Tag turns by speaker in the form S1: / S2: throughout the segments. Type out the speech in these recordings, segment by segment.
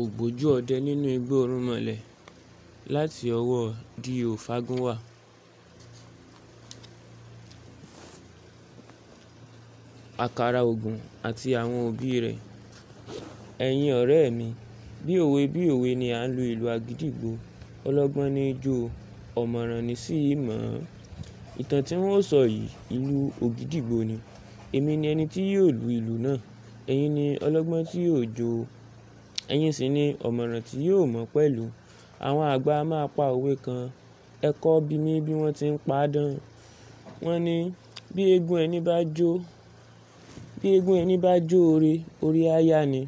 S1: ògbójú ọdẹ nínú igbó irúnmọlẹ̀ láti ọwọ́ d.o fagúnwà akara ogun àti àwọn òbí rẹ̀ ẹ̀yin ọ̀rẹ́ mi bí òwe bí òwe ni à ń lu ìlú agídìgbò ọlọ́gbọ́n ní í jó ọ̀mọ̀ràn ní sí í mọ̀ ìtàn tí wọ́n sọ yìí ìlú ògídìgbò ni èmi ni ẹni tí yóò lu ìlú náà ẹ̀yin ni ọlọ́gbọ́n tí yóò jó o ẹ̀yin sì ni ọ̀mọ̀ràn tí yóò mọ̀ pẹ̀lú. Àwọn àgbà máa pa òwe kan, "Ẹ kọ́ bí mi bí wọ́n ti ń pa'dán." Wọ́n ní bí eégún ẹni bá jó, bí eégún ẹni bá jó ore, ore á yá ni.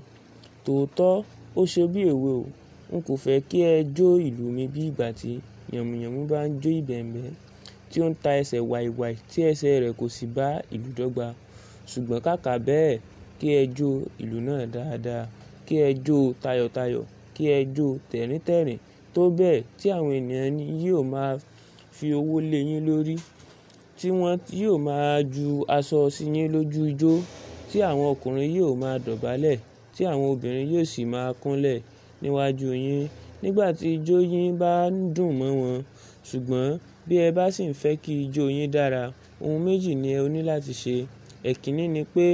S1: Tòótọ́ ó ṣe bí èwe o. N kò fẹ́ kí ẹ jó ìlù mi bí ìgbà tí yànmùyánmú bá ń jó ìbẹ̀m̀bẹ́ tí ó ń ta ẹsẹ̀ wàìwàì tí ẹsẹ̀ rẹ̀ kò sì bá ìlù dọ́gba. Ṣùgbọ́n kàkà bẹ́ẹ̀ kí ẹ jó ìlù náà dáadáa kí ẹ jó tayọ̀tayọ̀, kí ẹ jó tẹ̀ríntẹ̀rín tó bẹ́ẹ̀ tí àwọn ènìyàn yóò máa fi owó lé yín lórí, tí wọ́n yóò máa ju aṣọ sí yín lójú ijó, tí àwọn ọkùnrin yóò máa dọ̀bálẹ̀, tí àwọn obìnrin yóò sì máa kúnlẹ̀ níwájú yín nígbà tí ijó yín bá ń dùn mọ́ wọn. Ṣùgbọ́n bí ẹ bá sì ń fẹ́ kí ijó yín dára, ohun méjì ni ẹ ní láti ṣe. Ẹ̀kínní ni pé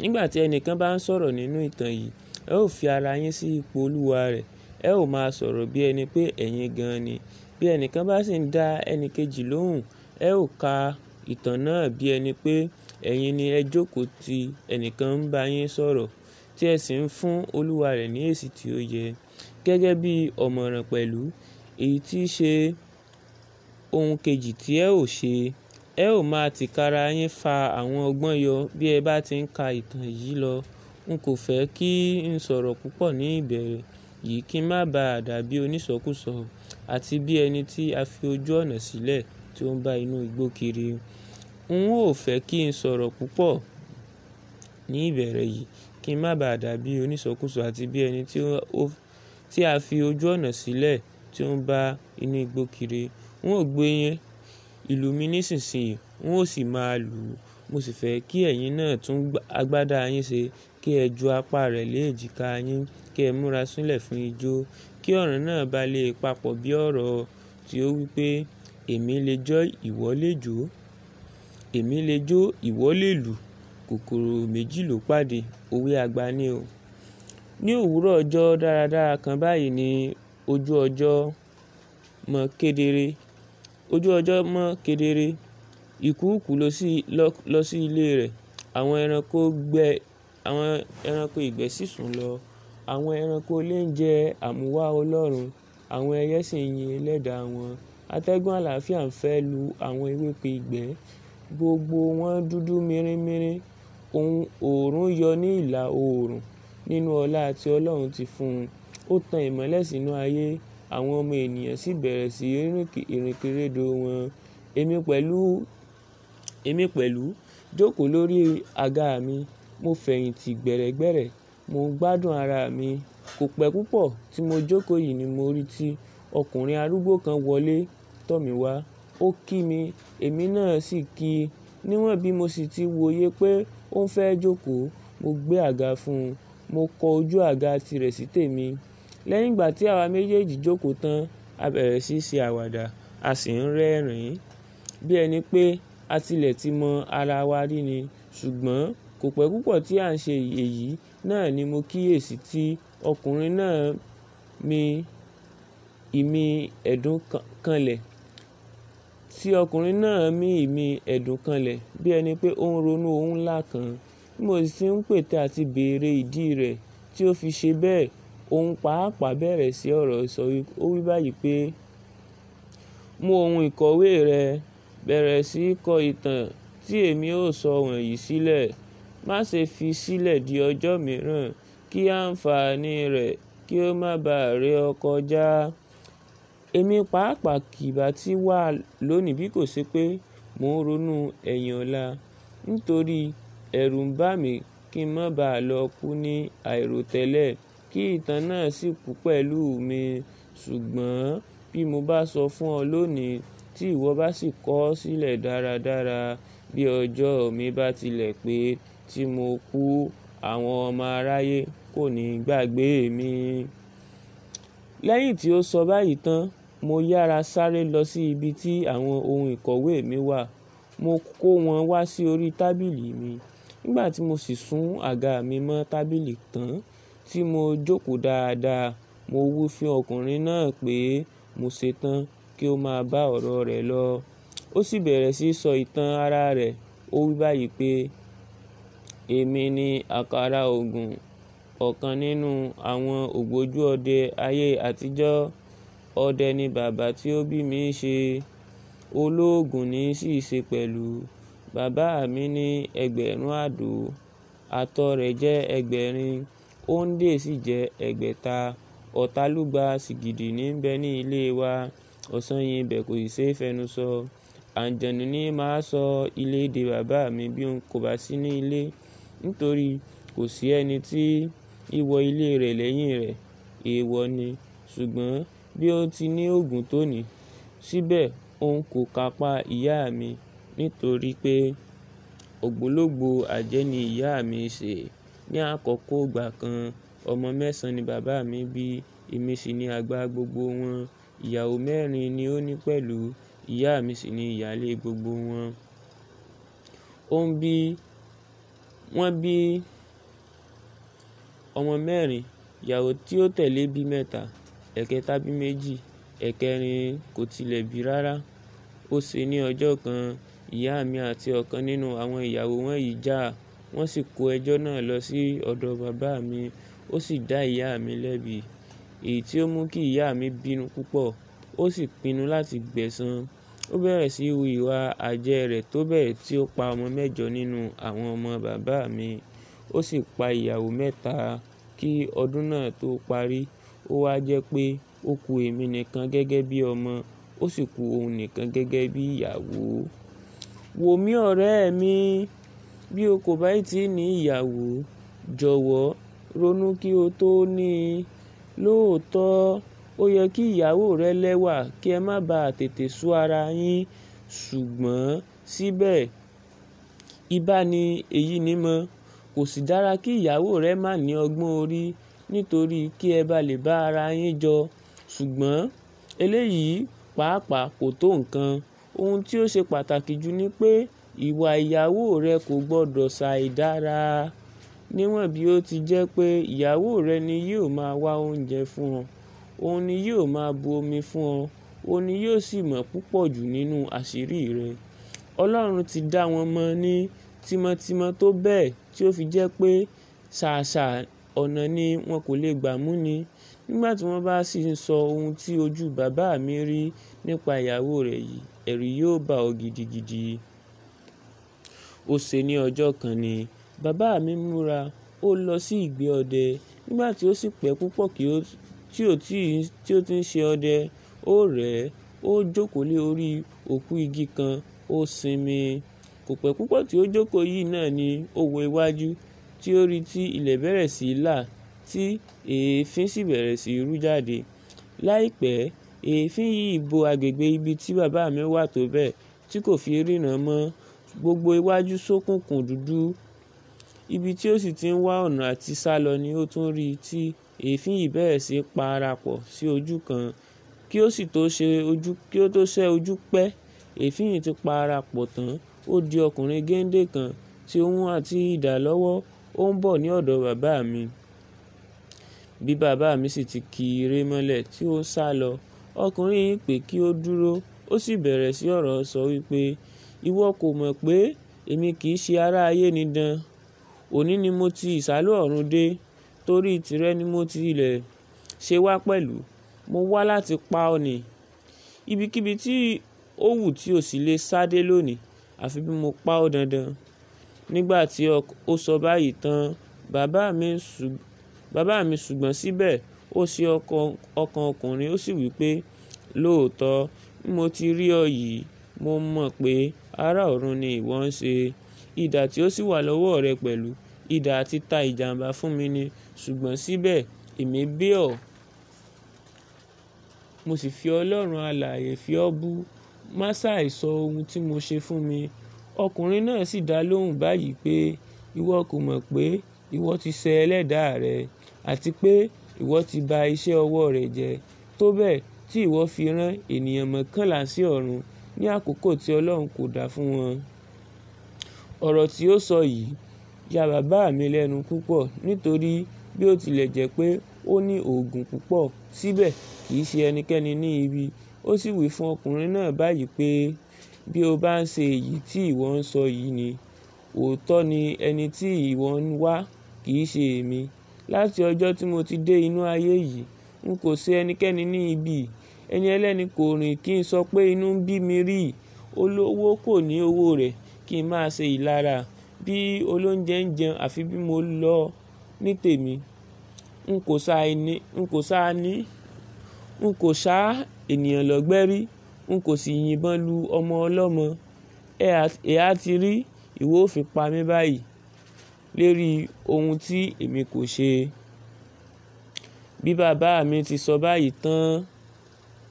S1: nígbà tí ẹnìkan bá ń sọ̀rọ̀ nínú ìtàn yìí, ẹ ó fi ara yín sí ipò olúwa rẹ̀ ẹ ó máa sọ̀rọ̀ bí ẹni pé ẹ̀yin gan ni bí ẹnìkan bá sì ń dá ẹnìkejì lóhùn ẹ ó ka ìtàn náà bí ẹni pé ẹ̀yin ni ẹ jókòó tí ẹnìkan ń bá yín sọ̀rọ̀ tí ẹ sì ń fún olúwa rẹ̀ ní èsì tí ó yẹ gẹ́gẹ́ bí ọ̀mọ̀ràn pẹ̀lú èyí tí í ṣe ohun kejì tí ẹ ò ṣe ẹ ò máa tìkára yín fa àwọn ọgbọ́n yọ bí ẹ bá ti ń ka ìtàn yìí lọ N kò fẹ́ kí n sọ̀rọ̀ púpọ̀ ní ìbẹ̀rẹ̀ yìí kí n má ba à dàbí onísọkúsọ àti bí ẹni tí a fi ojú ọ̀nà sílẹ̀ tí ó ń bá inú igbó kiri. N ò fẹ́ kí n sọ̀rọ̀ púpọ̀ ní ìbẹ̀rẹ̀ yìí kí n má ba à dàbí àti bí ẹni tí a fi ojú ọ̀nà sílẹ̀ tí ó ń bá inú igbó kiri. N ó gbé ìlù mi nísinsìnyí, n ó sì máa lù ú. Mo sì fẹ́ kí ẹ̀yin náà tún agbádá yín ṣe, kí ẹ ju apá rẹ̀ lé èjìká yín, kí ẹ múra sílẹ̀ fún ijó, kí ọ̀rọ̀ náà ba lè papọ̀ bí ọ̀rọ̀ tí ó wí pé “Èmi lè jó, ìwọ lè jó. Èmi lè jó, ìwọ lè lù. Kòkòrò méjì ló pàdé.” Òwe àgbà ni o. Ni òwúrọ̀ ọjọ́ dáradára kan báyìí ni ojú ọjọ́ mọ́ kedere. Ojú ọjọ́ mọ́ kedere. Ìkuukù lọ sí ilé rẹ̀, àwọn ẹranko ìgbẹ́ sì sùn lọ, àwọn ẹranko ilé ń jẹ àmúwá Ọlọ́run, àwọn ẹyẹ sì ń yin Ẹlẹ́dàá wọn. Atẹ́gùn àlàáfíà ń fẹ́ lu àwọn ewéko ìgbẹ́, gbogbo wọn dúdú mirimmiri. Òòrùn yọ ní ìlà oòrùn nínú ọlá tí Ọlọ́run ti fún un. Ó tan ìmọ́lẹ̀ sínú ayé, àwọn ọmọ ènìyàn sì bẹ̀rẹ̀ sí í wọn. Èmi pẹ̀lú Èmi pẹ̀lú jókòó lórí àga mi, mo fẹ̀yìntì gbẹ̀rẹ̀gbẹ̀rẹ̀, mo ń gbádùn ara mi. Kò pẹ́ púpọ̀ tí mo jókòó yìí ni mo rí tí ọkùnrin arúgbó kan wọlé tọ̀ mí wá. Ó kí mi, èmi náà sì kí i. Níwọ̀n bí mo sì ti wòye pé ó ń fẹ́ jókòó, mo gbé àga fún un, mo kọ ojú àga tirẹ̀ sí tèmi. Lẹ́yìn ìgbà tí àwa méjèèjì jókòó tán, a bẹ̀rẹ̀ sí í ṣe àwàdà, a sì ń rẹ́rìn-ín bí ẹni pé a tilẹ̀ ti mọ ara wa rí ni ṣùgbọ́n kò pẹ́ púpọ̀ tí à ń ṣe èyí náà ni mo kíyèsí tí ọkùnrin náà mi ìmí ẹ̀dùn kanlẹ̀ tí ọkùnrin náà mí ìmí ẹ̀dùn kanlẹ̀ bí ẹni pé ó ń ronú ohun ńlá kan bí mo sì ń pète àti béèrè ìdí rẹ̀ tí ó fi ṣe bẹ́ẹ̀ òun pàápàá bẹ̀rẹ̀ sí ọ̀rọ̀ sọ ó wí báyìí pé mú ohun ìkọ̀wé rẹ bẹ̀rẹ̀ sí í kọ ìtàn tí èmi ó sọ wọ̀nyí sílẹ̀ má ṣe fi sílẹ̀ di ọjọ́ mìíràn kí àǹfààní rẹ̀ kí ó má bàa ré ọ kọjá èmi pàápàá kìbá ti wà lónìí bí kò ṣe pé mò ń ronú ẹ̀yìn ọ̀la nítorí ẹ̀rù ń bà mí kí n má bàa lọ kú ní àìròtẹ́lẹ̀ kí ìtàn náà sì kú pẹ̀lú mi ṣùgbọ́n bí mo bá sọ fún ọ lónìí tí ìwọ bá sì kọ ọ́ sílẹ̀ dáradára bí ọjọ́ mi bá tilẹ̀ pé tí mo kú àwọn ọmọ aráyé kò ní gbàgbé mi. lẹ́yìn tí ó sọ báyìí tán mo yára sáré lọ sí ibi tí àwọn ohun ìkọ̀wé mi wà mo kó wọn wá sí orí tábìlì mi nígbà tí mo sì sún àga mi mọ́ tábìlì tán tí mo jókòó dáadáa mo wí fún ọkùnrin náà pé mo ṣetán kí ó máa bá ọ̀rọ̀ rẹ̀ lọ ó sì bẹ̀rẹ̀ sí í sọ ìtàn ara rẹ̀ ó wí báyìí pé èmi ni àkàrà ògùn ọ̀kan nínú àwọn ògbójú ọdẹ ayé àtijọ́ ọdẹ ni bàbá tí ó bí mi ṣe olóògùn ní sì ṣe pẹ̀lú bàbá mi ní ẹgbẹ̀rún àdó àtọ̀ rẹ̀ jẹ́ ẹgbẹ̀rin òǹdè sì jẹ́ ẹgbẹ̀ta ọ̀tálúgba sìgìdì ní bẹ ní ilé wa ọ̀sán yìí ibẹ̀ kò sì ṣe é fẹnu sọ àǹjẹ̀nù ni màá sọ ilé de bàbá mi bí n kò bá sí ní ilé nítorí kò sí ẹni tí ìwọ ilé rẹ̀ lẹ́yìn rẹ̀ èèwọ̀ ni ṣùgbọ́n bí ó ti ní oògùn tó ní síbẹ̀ òun kò kápá ìyá mi nítorí pé ògbólógbò àjẹ́ ni ìyá mi ṣe ní àkókò ìgbà kan ọmọ mẹ́sàn-án ni bàbá mi bí èmi sì ni àgbà gbogbo wọn Ìyàwó mẹ́rin ni ó ní pẹ̀lú, ìyá mi sì ni ìyálé gbogbo wọn. Ó ń bí, wọ́n bí ọmọ mẹ́rin, ìyàwó tí ó tẹ̀lé bí mẹ́ta, ẹ̀kẹta bí méjì, ẹ̀kẹrin kò tilẹ̀ bí rárá. Ó ṣe ní ọjọ́ kan, ìyá mi àti ọ̀kan nínú àwọn ìyàwó wọ̀nyí jà, wọ́n sì kó ẹjọ́ náà lọ sí ọ̀dọ̀ bàbá mi, ó sì dá ìyá mi lẹ́bi èyí tí ó mú kí ìyá mi bínú púpọ̀ ó sì pinnu láti gbẹ̀san. Ó bẹ̀rẹ̀ sí í hu ìwà àjẹ́ rẹ̀ tó bẹ́ẹ̀ tí ó pa ọmọ mẹ́jọ nínú àwọn ọmọ bàbá mi, ó sì pa ìyàwó mẹ́ta. Kí ọdún náà tó parí, ó wá jẹ́ pé ó ku èmi nìkan gẹ́gẹ́ bí ọmọ, ó sì ku òun nìkan gẹ́gẹ́ bí ìyàwó. Wò mí ọ̀rẹ́ mi, bí o kò bá ì tí ì ní ìyàwó, jọ̀wọ́ ronú kí o tó ní i lóòótọ́ ó yẹ kí ìyàwó rẹ lẹ́wà kí ẹ má bàa tètè sú ara yín ṣùgbọ́n síbẹ̀ ibà ni èyí ni mọ kò sì dára kí ìyàwó rẹ má ní ọgbọ́n orí nítorí kí ẹ bá lè bá ara yín jọ ṣùgbọ́n eléyìí pàápàá kò tó nǹkan ohun tí ó ṣe pàtàkì jù ni pé ìwà ìyàwó rẹ kò gbọ́dọ̀ ṣàìdára níwọ̀n bí ó ti jẹ́ pé ìyàwó rẹ ni yóò máa wá oúnjẹ fún ọ, òun ni yóò máa bu omi fún ọ, òun ni yóò sì mọ̀ púpọ̀ jù nínú àṣírí rẹ. Ọlọ́run ti dá wọn mọ̀ ní tímọ́tímọ́ tó bẹ́ẹ̀ tí ó fi jẹ́ pé ṣàṣà ọ̀nà ni wọn kò lè gbà mú ni. Nígbà tí wọ́n bá sì ń sọ ohun tí ojú bàbá mi rí nípa ìyàwó rẹ̀ yìí, ẹ̀rí yóò bá ọ gidigidi. Ó ṣe ní ọjọ́ kan ni. Bàbá mi múra, ó lọ sí ìgbẹ́ ọdẹ. Nígbà tí ó sì pẹ́ púpọ̀ tí ó ti ń ṣe ọdẹ, ó rẹ̀ ẹ́, ó jókòó lé orí òkú igi kan, ó sinmi. Kò pẹ́ púpọ̀ tí ó jókòó yìí náà ni ó wo iwájú, tí ó rí tí ilẹ̀ bẹ̀rẹ̀ sí í là, tí èéfín sì bẹ̀rẹ̀ sí í rú jáde. Láìpẹ́, èéfín yìí bo agbègbè ibi tí bàbá mi wà tó bẹ́ẹ̀ tí kò fi ríran mọ́. Gbogbo iwájú ṣókùnkùn dúdú ibi tí ó sì ti ń wá ọ̀nà àti sálọ ni ó tún rí i tí èéfín yìí bẹ̀rẹ̀ sí í sí ojú kan kí ó sì tó ṣe ojú pẹ́ èéfín yìí ti pa ara pọ̀ tán ó di ọkùnrin géńdé kan tí ó mú àti idà lọ́wọ́ ó ń bọ̀ ní ọ̀dọ̀ bàbá mi bí bàbá mi sì ti ki eré mọ́lẹ̀ tí ó ń sá lọ ọkùnrin yìí pé kí ó dúró ó sì bẹ̀rẹ̀ sí ọ̀rọ̀ sọ wípé ìwọ kò mọ̀ pé èmi kì í ṣe ará ayé nìdan Òní ni mo ti ìsàlẹ̀ ọ̀run dé, torí tìrẹ ni mo ti ilẹ̀ ṣe wá pẹ̀lú. Mo wá láti pa ọ́ ni. Ibikíbi tí ó wù tí o sì lè sá dé lónìí, àfi bí mo pa ọ́ dandan. Nígbà tí ó sọ báyìí tán, bàbá mi ṣùgbọ́n síbẹ̀ ó ṣe ọkàn ọkùnrin ó sì wí pé, "Lóòótọ́, mo ti rí ọ yìí, mo mọ̀ pé ará ọ̀run ni ìwọ ń ṣe." idà tí ó sì wà lọ́wọ́ rẹ pẹ̀lú. Idà àti ta ìjàǹbá fún mi ni, ṣùgbọ́n síbẹ̀ èmi bẹ̀ ọ́, mo sì fi Ọlọ́run alààyè fi ọ́ bú. Má sàì sọ ohun tí mo ṣe fún mi. Ọkùnrin náà sì dá lóhùn báyìí pé, ìwọ kò mọ̀ pé ìwọ ti ṣẹ Ẹlẹ́dàá rẹ, àti pé ìwọ ti ba iṣẹ́ ọwọ́ rẹ̀ jẹ́. Tó bẹ́ẹ̀ tí ìwọ fi rán ènìyàn mọ́kànlá sí ọ̀run ní àkókò tí Ọlọ́run kò dá fún wọn. Ọ̀rọ̀ tí ó sọ yìí ya bàbá mi lẹ́nu púpọ̀ nítorí bí ó tilẹ̀ jẹ́ pé ó ní oògùn púpọ̀ síbẹ̀ kìí ṣe ẹnikẹ́ni ní ibi. Ó sì wí fún ọkùnrin náà báyìí pé, “Bí o bá ń ṣe èyí tí ìwọ ń sọ yìí ni, òótọ́ ni ẹni tí ìwọ ń wá, kìí ṣe èmi. Láti ọjọ́ tí mo ti dé inú ayé yìí, n kò ṣe ẹnikẹ́ni ní ibi. Ẹni ẹlẹ́ni kò rìn kí n sọ pé inú ń bí mi rí. Olówó kò ní owó rẹ̀, kí n máa ṣe ìlara bí olóúnjẹ ń jẹun àfi bí mo lọ ní tèmi n kò sa ẹni n kò sa ní n kò sa ènìyàn lọ́gbẹ́ rí n kò sì yìnbọn lu ọmọ ọlọ́mọ ẹ̀ á ti rí ìwọ òfin pa mí báyìí lérí ohun tí èmi kò ṣe bí bàbá mi ti sọ báyìí tán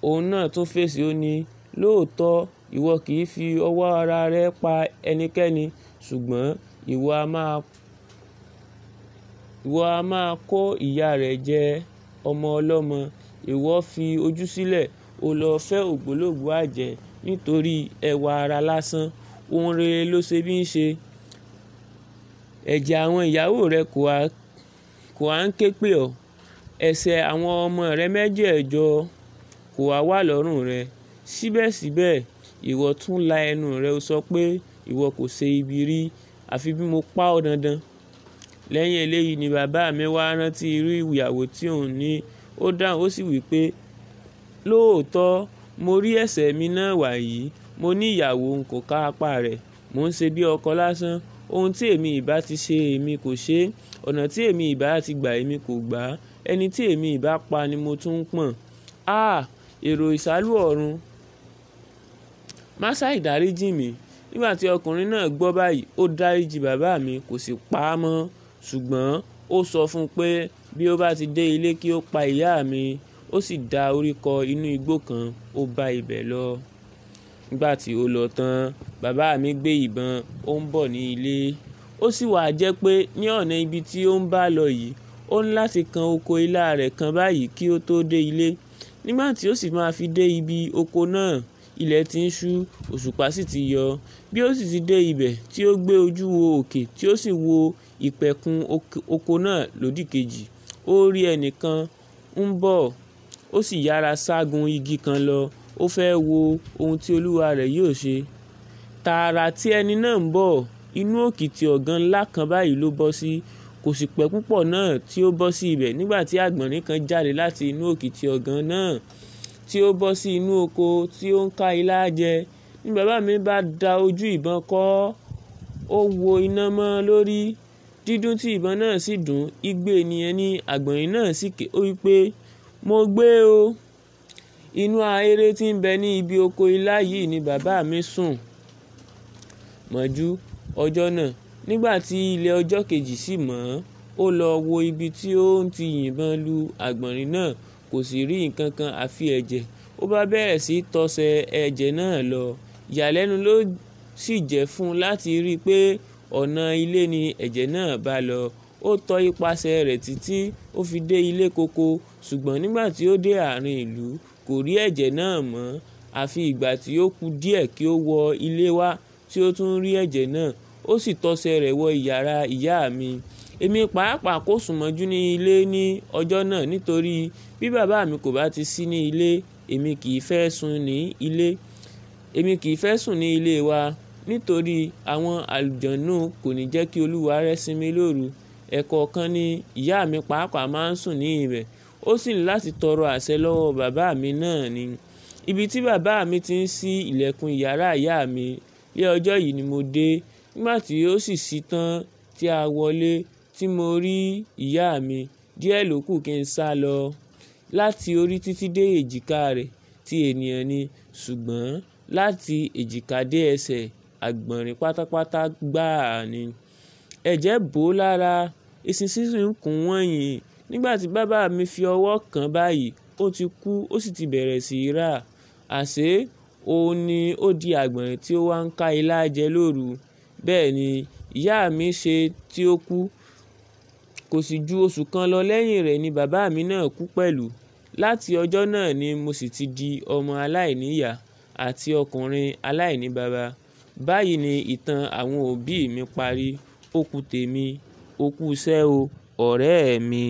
S1: òun náà tún fèsì ó ní lóòótọ́ Ìwọ kì í fi ọwọ́ ara rẹ pa ẹnikẹ́ni, ṣùgbọ́n ìwọ a máa, ìwọ a máa kó ìyá rẹ jẹ ọmọ ọlọ́mọ. Ìwọ fi ojú sílẹ̀, o lọ fẹ́ ògbólógbòó àjẹ́ nítorí ẹwà ara lásán. Ohun rere ló ṣe bí ń ṣe. Ẹ̀jẹ̀ àwọn ìyàwó rẹ kò ha, ń ké pè ọ́. Ẹ̀ṣẹ̀ àwọn ọmọ rẹ méjẹ̀ẹ̀jọ kò ha wà lọ́rùn rẹ. Síbẹ̀síbẹ̀ ìwọ tún la ẹnu rẹ o sọ pé ìwọ kò ṣe ibi rí àfi bí mo pa ọ́ dandan lẹ́yìn eléyìí ni bàbá mi wá rántí irú ìyàwó tí òun ní ó dáhùn ó sì wí pé lóòótọ́ mo rí ẹ̀ṣẹ̀ mi náà wà yìí mo ní ìyàwó n kò ká apá rẹ̀ mò ń ṣe bí ọkọ lásán ohun tí èmi ìbá ti ṣe èmi kò ṣe ọ̀nà tí èmi ìbá ti gbà èmi kò gbà ẹni tí èmi ìbá pa ni mo tún ń pọ̀n a èrò ìsálú ọ̀run Masai dáríjì mí. Nígbà tí ọkùnrin náà gbọ́ báyìí, ó dáríjì bàbá mi kò sì pa á mọ́. Ṣùgbọ́n ó sọ fún un pé bí ó bá ti dé ilé kí ó pa ìyá mi. Ó sì da orí kọ inú igbó kan, ó bá ibẹ̀ lọ. Nígbà tí ó lọ tán, bàbá mi gbé ìbọn, ó ń bọ̀ ní ilé. Ó sì wà jẹ́ pé ní ọ̀nà ibi tí ó ń bá lọ yìí, ó ní láti kan oko ilá rẹ̀ kan báyìí kí ó tó dé ilé. Nígbà tí ó sì máa fi dé ibi oko náà, ilẹ̀ ti ń ṣú òṣùpá sì ti yọ bí ó sì ti dé ibẹ̀ tí ó gbé ojú wo òkè tí ó sì wo ìpẹ̀kun oko náà lódìkejì ó rí ẹnìkan ń bọ̀ ó sì yára ṣágun igi kan lọ ó fẹ́ wo ohun tí olúwa rẹ̀ yóò ṣe tààrà tí ẹni náà ń bọ̀ inú òkìtì ọ̀gàn ńlá kan báyìí ló bọ́ sí kò sì pẹ́ púpọ̀ náà tí ó bọ́ sí ibẹ̀ nígbà tí àgbọ̀nrín kan jáde láti inú òkìtì ọ̀gàn náà tí ó bọ́ sí inú oko tí ó ń ká ilá jẹ ni bàbá mi bá da ojú ìbọn kọ ó wo iná mọ́ lórí dídún tí ìbọn náà sì dùn igbe ènìyàn ní àgbọ̀nrín náà sì ké ó wípé mo gbé o inú ahéré tí ń bẹ ní ibi oko ilá yìí ni bàbá mi sùn mọ́jú ọjọ́ náà nígbà tí ilẹ̀ ọjọ́ kejì sì mọ́ ó lọ wo ibi tí ó ń ti yìnbọn lu àgbọ̀nrín náà kò sì rí nǹkan kan àfi ẹ̀jẹ̀ ó bá bẹ̀rẹ̀ sí tọṣẹ ẹ̀jẹ̀ náà lọ ìyàlẹ́nu ló sì jẹ́ fún un láti rí i pé ọ̀nà ilé ni ẹ̀jẹ̀ náà bá lọ ó tọ ipasẹ̀ rẹ̀ títí ó fi dé ilé koko ṣùgbọ́n nígbà tí ó dé àárín ìlú kò rí ẹ̀jẹ̀ náà mọ́ àfi ìgbà tí ó kù díẹ̀ kí ó wọ ilé wá tí ó tún rí ẹ̀jẹ̀ náà ó sì tọṣẹ rẹ̀ wọ ìyàrá ìyá mi Èmi pàápàá kò sùn mọ́jú ní ilé ní ọjọ́ náà nítorí bí bàbá mi kò bá ti sí ní ilé, èmi kì í fẹ́ sùn ní ilé. Èmi kì fẹ́ sùn ní ilé wa nítorí àwọn àlùjọ̀nnú kò ní jẹ́ kí olúwa rẹ́ sí mi lóru. Ẹ̀kọ̀ọ̀kan ni ìyá mi pàápàá máa ń sùn ní ibẹ̀. Ó sì ní láti tọrọ àṣẹ lọ́wọ́ bàbá mi náà ni. Ibi tí bàbá mi ti ń ṣí ilẹ̀kùn yàrá ìyá mi ní ọjọ́ yìí ni mo dé. Nígbà tí ó sì ṣí tán tí a wọlé, tí mo rí ìyá mi díẹ̀ ló kù kí n sá lọ láti orí títí dé èjìká rẹ̀ ti ènìyàn ni ṣùgbọ́n láti èjìká dé ẹsẹ̀ àgbọ̀nrín pátápátá gbáà ni ẹ̀jẹ̀ bò ó lára eṣinṣin sì ń kùn wọ̀nyí nígbà tí bàbá mi fi ọwọ́ kàn án báyìí ó ti kú ó sì ti bẹ̀rẹ̀ sí í rà àṣé òun ni ó di àgbọ̀nrín tí ó wá ń ká ilá lóru bẹ́ẹ̀ ni ìyá mi ṣe tí ó kú kò sì ju oṣù kan lọ lẹ́yìn rẹ̀ ni bàbá mi náà kú pẹ̀lú láti ọjọ́ náà ni mo sì ti di ọmọ aláìníyàá àti ọkùnrin aláìní bàbá báyìí ni ìtàn àwọn òbí mi parí ó kù tèmi ó kù iṣẹ́ o ọ̀rẹ́ mi